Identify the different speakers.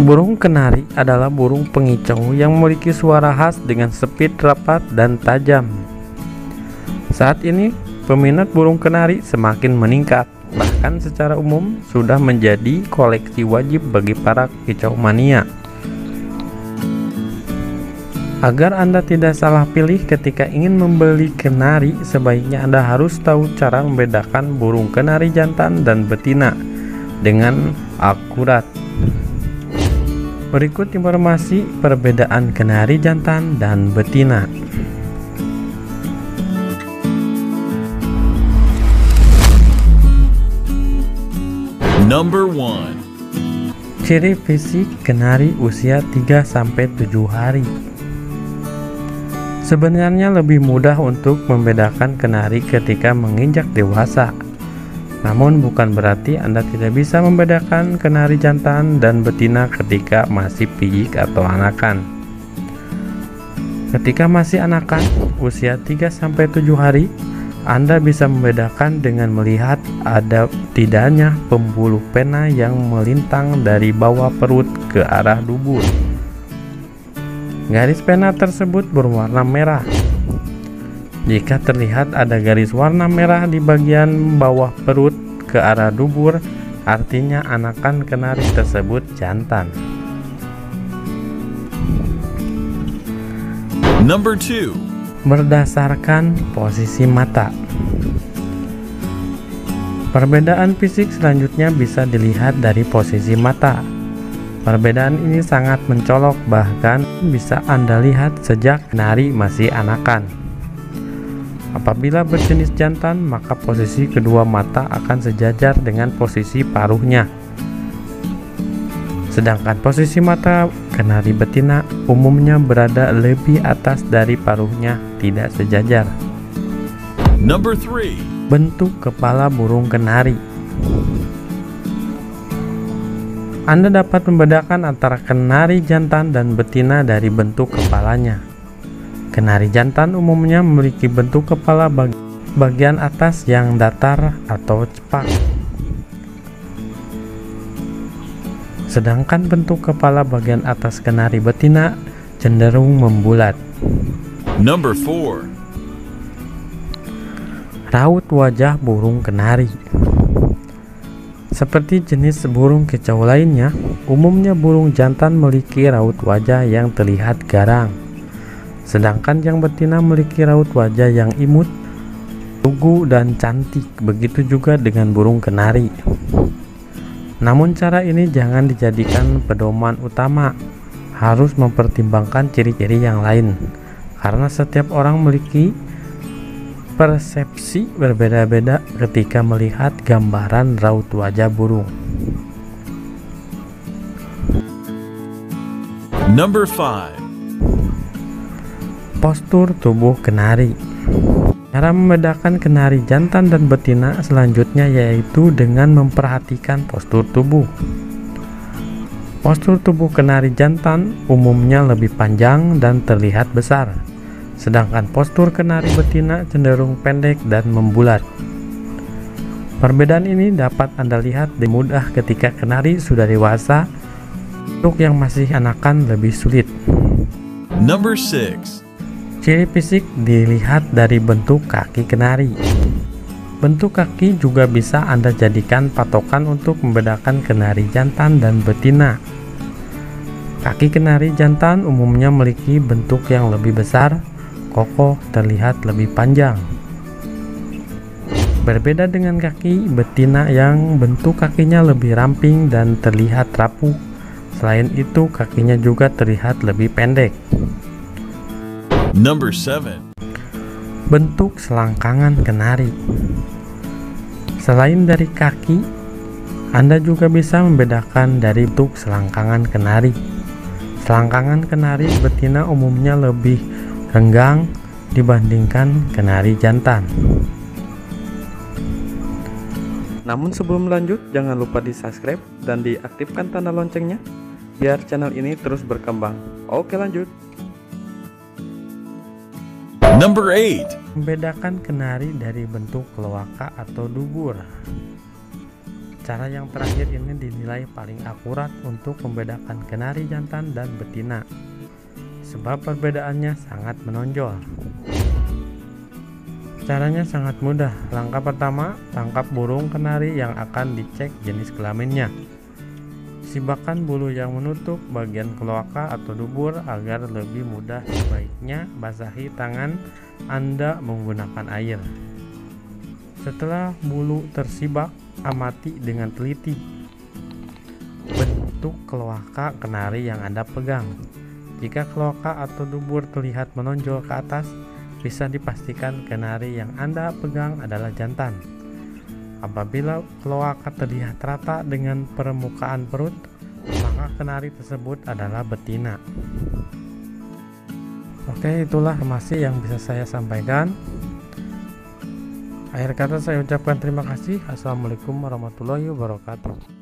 Speaker 1: Burung kenari adalah burung pengicau yang memiliki suara khas dengan sepit rapat dan tajam. Saat ini, peminat burung kenari semakin meningkat, bahkan secara umum sudah menjadi koleksi wajib bagi para kicau mania. Agar Anda tidak salah pilih ketika ingin membeli kenari, sebaiknya Anda harus tahu cara membedakan burung kenari jantan dan betina dengan akurat. Berikut informasi perbedaan kenari jantan dan betina. Number one. Ciri fisik kenari usia 3 sampai 7 hari. Sebenarnya lebih mudah untuk membedakan kenari ketika menginjak dewasa namun bukan berarti Anda tidak bisa membedakan kenari jantan dan betina ketika masih piyik atau anakan. Ketika masih anakan, usia 3-7 hari, Anda bisa membedakan dengan melihat ada tidaknya pembuluh pena yang melintang dari bawah perut ke arah dubur. Garis pena tersebut berwarna merah jika terlihat ada garis warna merah di bagian bawah perut ke arah dubur, artinya anakan kenari tersebut jantan. Number two. Berdasarkan posisi mata. Perbedaan fisik selanjutnya bisa dilihat dari posisi mata. Perbedaan ini sangat mencolok bahkan bisa Anda lihat sejak kenari masih anakan. Apabila berjenis jantan, maka posisi kedua mata akan sejajar dengan posisi paruhnya. Sedangkan posisi mata kenari betina umumnya berada lebih atas dari paruhnya, tidak sejajar. Number three. Bentuk kepala burung kenari. Anda dapat membedakan antara kenari jantan dan betina dari bentuk kepalanya. Kenari jantan umumnya memiliki bentuk kepala bag bagian atas yang datar atau cepak. Sedangkan bentuk kepala bagian atas kenari betina cenderung membulat. Number four. Raut wajah burung kenari. Seperti jenis burung kicau lainnya, umumnya burung jantan memiliki raut wajah yang terlihat garang. Sedangkan yang betina memiliki raut wajah yang imut, lugu dan cantik, begitu juga dengan burung kenari. Namun cara ini jangan dijadikan pedoman utama, harus mempertimbangkan ciri-ciri yang lain. Karena setiap orang memiliki persepsi berbeda-beda ketika melihat gambaran raut wajah burung. Number 5 postur tubuh kenari. Cara membedakan kenari jantan dan betina selanjutnya yaitu dengan memperhatikan postur tubuh. Postur tubuh kenari jantan umumnya lebih panjang dan terlihat besar, sedangkan postur kenari betina cenderung pendek dan membulat. Perbedaan ini dapat Anda lihat dengan mudah ketika kenari sudah dewasa, untuk yang masih anakan lebih sulit. Number 6 Ciri fisik dilihat dari bentuk kaki kenari. Bentuk kaki juga bisa Anda jadikan patokan untuk membedakan kenari jantan dan betina. Kaki kenari jantan umumnya memiliki bentuk yang lebih besar, kokoh, terlihat lebih panjang. Berbeda dengan kaki betina yang bentuk kakinya lebih ramping dan terlihat rapuh. Selain itu, kakinya juga terlihat lebih pendek. Number 7 Bentuk selangkangan kenari Selain dari kaki, Anda juga bisa membedakan dari bentuk selangkangan kenari. Selangkangan kenari betina umumnya lebih renggang dibandingkan kenari jantan. Namun sebelum lanjut, jangan lupa di subscribe dan diaktifkan tanda loncengnya biar channel ini terus berkembang. Oke lanjut. Number 8. Membedakan kenari dari bentuk keloaka atau dubur. Cara yang terakhir ini dinilai paling akurat untuk membedakan kenari jantan dan betina. Sebab perbedaannya sangat menonjol. Caranya sangat mudah. Langkah pertama, tangkap burung kenari yang akan dicek jenis kelaminnya. Sibakan bulu yang menutup bagian keloaka atau dubur agar lebih mudah sebaiknya basahi tangan Anda menggunakan air. Setelah bulu tersibak, amati dengan teliti bentuk keloaka kenari yang Anda pegang. Jika keloaka atau dubur terlihat menonjol ke atas, bisa dipastikan kenari yang Anda pegang adalah jantan. Apabila kloaka terlihat rata dengan permukaan perut, maka kenari tersebut adalah betina. Oke, itulah masih yang bisa saya sampaikan. Akhir kata saya ucapkan terima kasih. Assalamualaikum warahmatullahi wabarakatuh.